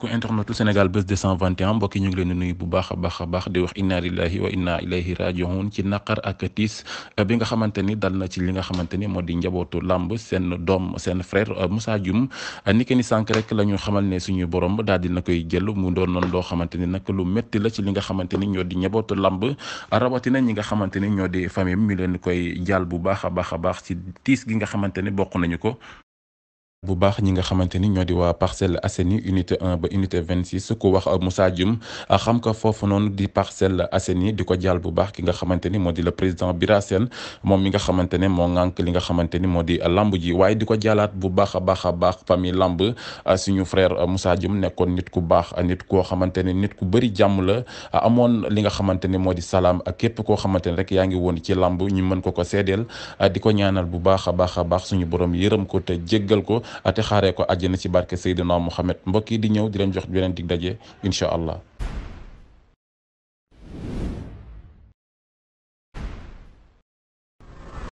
ku internetu Sénégal Buzz 221 mbokk mbokki ñu ngi leen di nuyu bu baax a baax a baax di wax inna lillahi wa inna ilayhi rajiun ci naqar ak tiis euh, bi nga xamante ni dal na ci li nga xamante ni moo di njabootu lamb seen doom seen frère euh, Moussa Dioum euh, ni ke ni sànq rek la ñu xamal ne suñu borom daal di na koy jël mu doon noonu loo xamante ni nag lu métti la ci li nga xamante ni ñoo di njabootu làmb rawatina ñi nga xamante ni ñoo di famille mi leen koy jaal bu baax a baax a baax ci tiis gi nga xamante ni bokk nañu ko bu baax ñi nga xamante ni ñoo di waa Parcelles Assainies unité 1 ba unité 26 ku wax Moussa Dioum xam ko foofu noonu di Parcelles Assainies di ko jàll bu baax ki nga xamante ni moo di la président Bira moom mi nga xamante ne moo ŋànk li nga xamante ni moo di lamb ji waaye di ko jàllaat bu baax a baax a baax famille lamb suñu frère Moussa Dioum nekkoon nit ku baax nit koo xamante ne nit ku bëri jàmm la amoon li nga xamante ne moo di salaam ak képp koo xamante ne rek yaa ngi woon ci lamb ñu mën ko ko seedeel di ñaanal bu baax a baax a baax suñu borom yërëm ko te jéggal ko te xaaree ko àjjana ci barke Seydina Muhammad mbokk yi di ñëw di leen jox beneen dig daje incha allah.